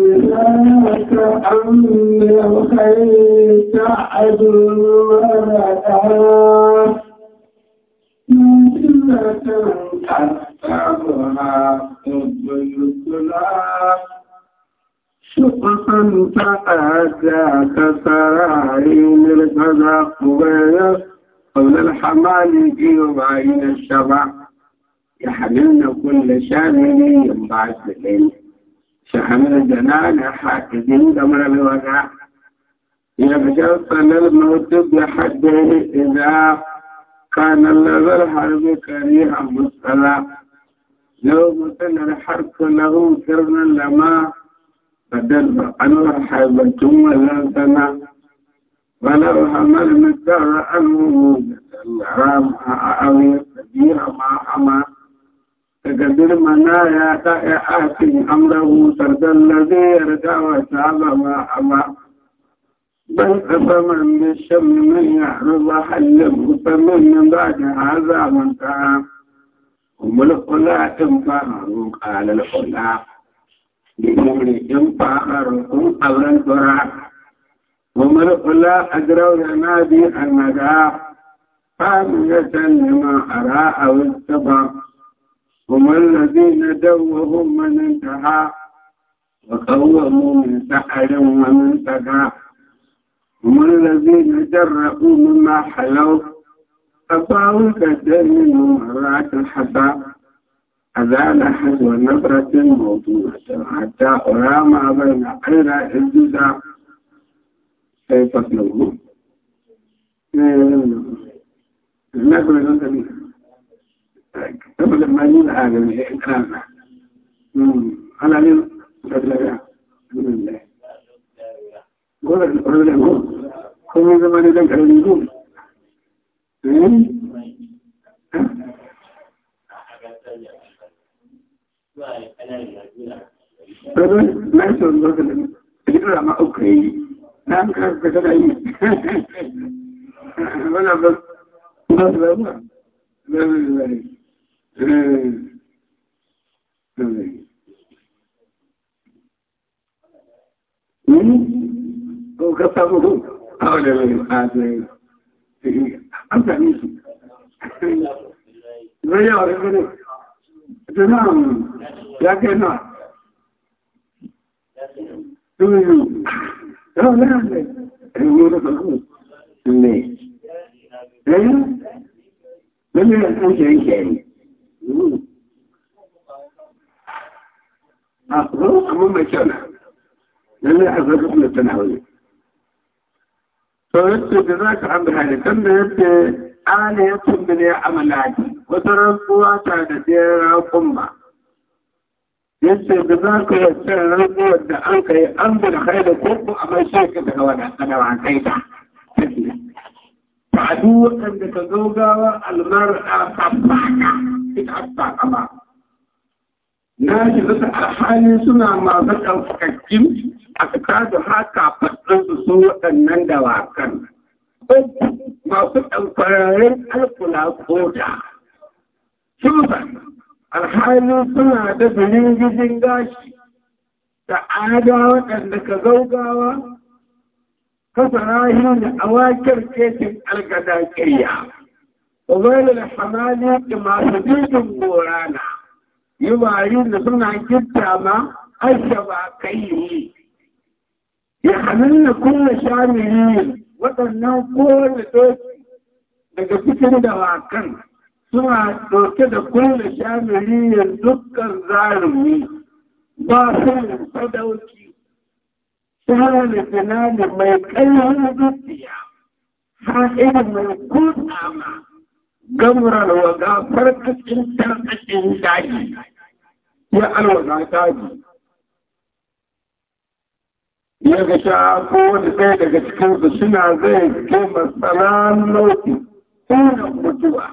إذاك عن الخير تعدل وردها منزلة تحتها حب الكلى شقفا تأتى كسرائم الغزق قبل الحمال وبين الشبع يحملن كل شامل ينبعث إليه شحمل جنان حاكدين دمر الوضع يبجل الموت بحده إذا كان لذا الحرب كريها مصطلى لو مثل الحرب له كرنا لما بدل أن الحرب ثم لنتنا ولو حمل مدر أنه الرام أو يستجير ما حمل منا منايا كإحاك أمره سرد الذي يرجع وتاب ما حمى بل فمن بالشم من يحرض حلم فمن بعد هذا من تعام هم الخلاء فاهر قال الخلاء لمملك فاهر هم قبل الفراق هم الخلاء أدروا نادي النجاح فامية لما أراء أو هم الذين دوهم من انتهى وقوموا من سحر ومن سقى هم الذين جرؤوا مما حلوا أباوا كثير منهم مرات الحباب أذان حزو نبرة موضوعة حتى أرى ما بين قيل الجزاء كيف تطلبون نبرة قبل ما ننهى إيه؟ الكلام أنا من بدل الحمد لله قول لك البروبلم هو كل من زمان يدمك على النجوم بدل إيه؟ ما يصير بدل الإقرار ما أوكي نعم كان كتب عيني ولا بس بس بس بس بس كسبهم أولى بالآثمين أمتع نيسي غيار ابنه تمام لكن تقول لا لا يقول لك ليه ليه لم يكن شيء شيء za ka an hali don da yadda ana ya tumbile amalaki wasu rantsuwa ta da jera kumma yace da za ka yi cin rantsuwar da an kai an bu da kai da kurku a mai shi ka daga wadda sanawa kai ta ta duk waɗanda ka zo gawa almar'a fafaka ita afaka ba na shi zata alhali suna masu ɗaukakkin a tsakar da haka faɗinsu su waɗannan dawakan sahabbai masu ɗanfararin alkula koda. Cuban, alhali suna da biringijin gashi, da ada waɗanda ka zaugawa, kasarahi da awakar ketin algada ƙirya. Wazalin hamali da masu jirgin gorana, yi bari da suna gitta ma, aisha ba kai yi. Ya hannun na kulle shamiri waɗannan kowane doki daga fitar da wakan suna ɗauke da kulle shamiriyar dukkan zarumi ba su sadauki tsarin da mai ƙayyar dukiya har irin mai kusa ma gamurar waga farkacin tarkacin daji ya alwaza daji يغشى قول بيلك تكوض سنع ذيك كيف السلام لوكي كون أمتوى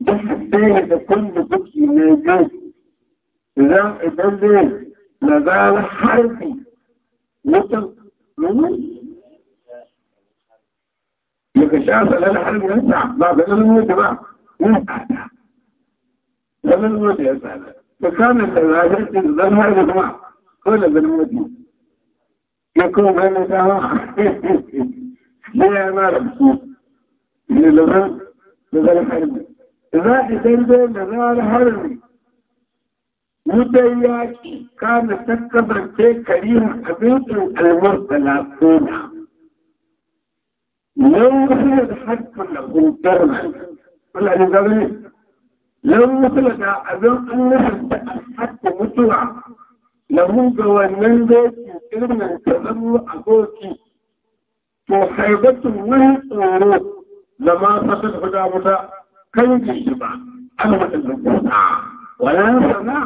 بحثين كل بكي ميجي إذا إذن ذيك لذال حربي وطن منوي يغشى سنع الحربي يسع لا بل الموت ما يسع لا بل الموت يسع فكان الثلاثة تنظر هذا ما قول بل الموت يسع يكون أنا لا مرحبا للغل لغل حربي ذاتي سلبي لغل حربي مدياكي كان تكبر تي كريم أبيت المرسل فينا لو وصلت حتى لهم كرما ولا نقبل لو وصلت أبيت النفس حتى متوعة لهم جوانين بيت irin mai kallon aboki to haibatun wani tsoro lama fasar guda wuta kan jiki ba an waɗanda kuta wala sana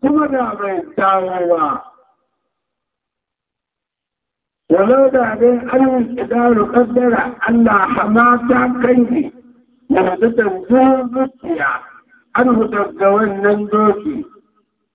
kuma da mai tawowa ولو دعين أن الإدارة قدر أن حماتا كنجي وهذا تنزل بكيا أنه تنزل نندوكي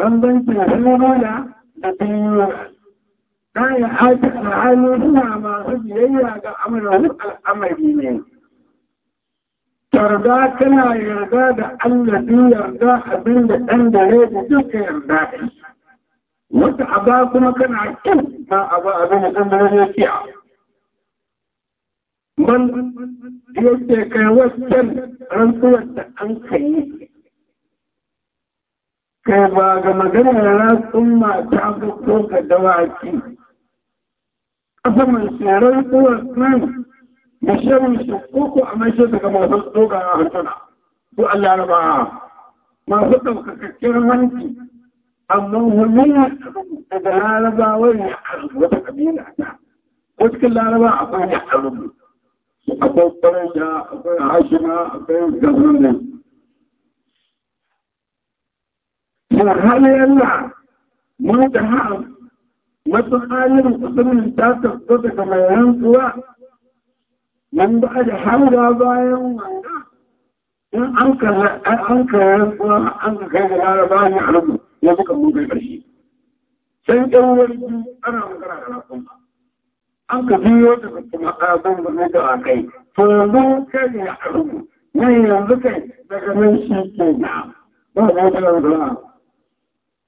bambancin annaba da da tayyura ta yi haji alhali suna masu biyayya ga amurin al'amari ne yarda tana yarda da Allah duk yarda abin da ɗan da rai da duka yarda da shi wata aba kuma kana kin ba aba abin da ɗan da rai kiya man yake kai wasan rantsuwar da an kai kai ba ga na ratsun mata ko ga dawaki ƙasa mai tsoron tsohon nan da shirin su koko a mashi daga masu tsoga a harsuna ko Allah raba ba masu ɗaukakakken hanci amma hulmiya da larabawar ya arzu wata kabila ta wajen laraba akwai ya arzu akwai ƙwararra akwai hashima akwai gazanin مرحلة مدها متعالم قسم تاتا قطك ميان سوا من بعد حول بايم in an kara an kara kuma an kai da laraba ne a rubu ya suka mu kai karshe sai ɗan wani biyu ana magana da rakun an ka biyo da kuma abin da ne da kai to yanzu kai ne a rubu nan yanzu kai daga nan shi ke na ba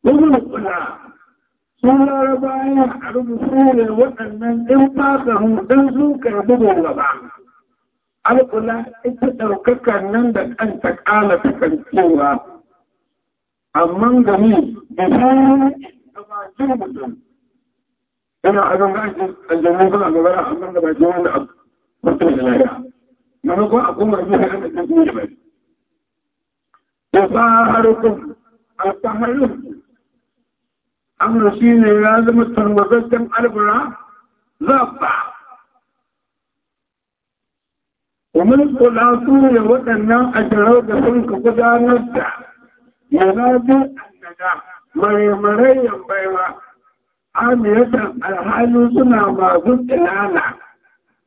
ومنها sun larabawa a rubutu ne waɗannan ɗin fasahun ɗin zukar bugun gaba. Alƙula ita ɗaukakar nan da kanta ƙala ta kancewa, amma gami da sauran da bakin mutum. Ina abin gashi aljannin suna magana amma da bakin wanda a mutum da laya. Mana ko a kuma zuwa da ta kuma bai. Da sa harkun, a ta harkun amna shi ne ya zama tarwazazzen albura zaɓa wa mulkula su ne waɗannan ajiyar da sun ka gudanar da yanadin annada maraimarayyan baiwa amiyatan alhali suna masu tsinana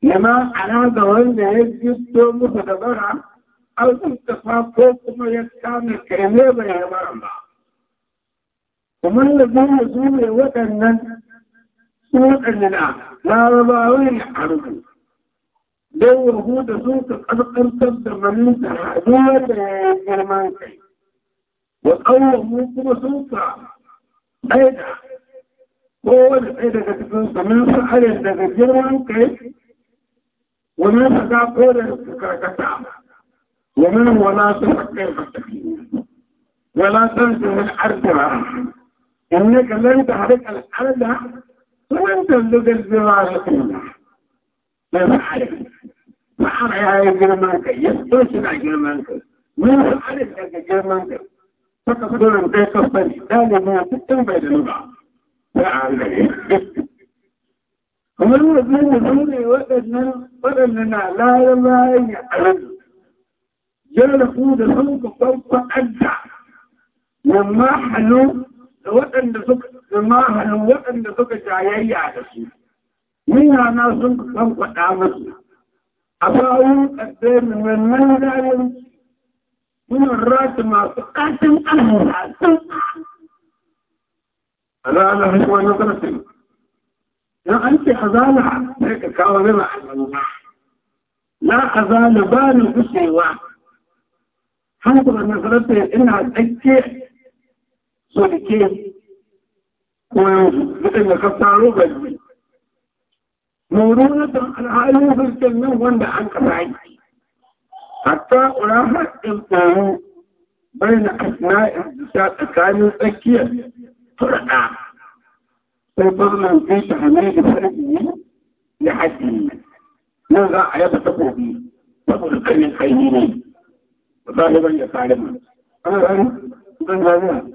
yana ana da wanda ya jisto musu da bara an sun tafa ko kuma ya kame kai ne bai bara ba kuma da su ne waɗannan su waɗannan a larabawai a arziki don wahu da su ka ƙarƙarƙar da maninta a zuwa da ya yi girman kai wa ƙauwamu kuma sun ka ɗaida kowane ɗaya daga cikin samin su harin daga girman kai wani su ga kore su karkata wani wala su haƙƙai haƙƙi wala san su wani arziki انك لن تعرف الحالة وانت اللي طيب الزرارة تمنح لا ما عارف ما عارف يا جرمانك يستوش مع جرمانك ما عارف يا جرمانك تقصدون ان تقصد ذلك ما تتنبه للبعض لا عارف ومن الذين هم وقدنا وقدنا لا يلا يعلم جاء لقود الخلق فوق أجع لما حلو da waɗanda suka mahalin waɗanda suka jayayya da su mihana sun kan faɗa musu a sawun ƙaddami wannan rayan muna rata masu ƙatin alhassan a ranar shi wani ƙarfin don an ce a zala sai ka kawo rina alhassan na a zala ba ni gushewa hankula na sarrafa ina tsakke sóríkí وإن كفاروا بلوي مورونة العالم في الكلمة وند عنك بعيد حتى أراحت القوم بين أثناء الجساد كانوا أكيا فرقا فبغلا في تحميل فرقه لحسن نغا عيب تقوبي تقول كل الخيرين وظاهرا يتعلم أنا أنا أنا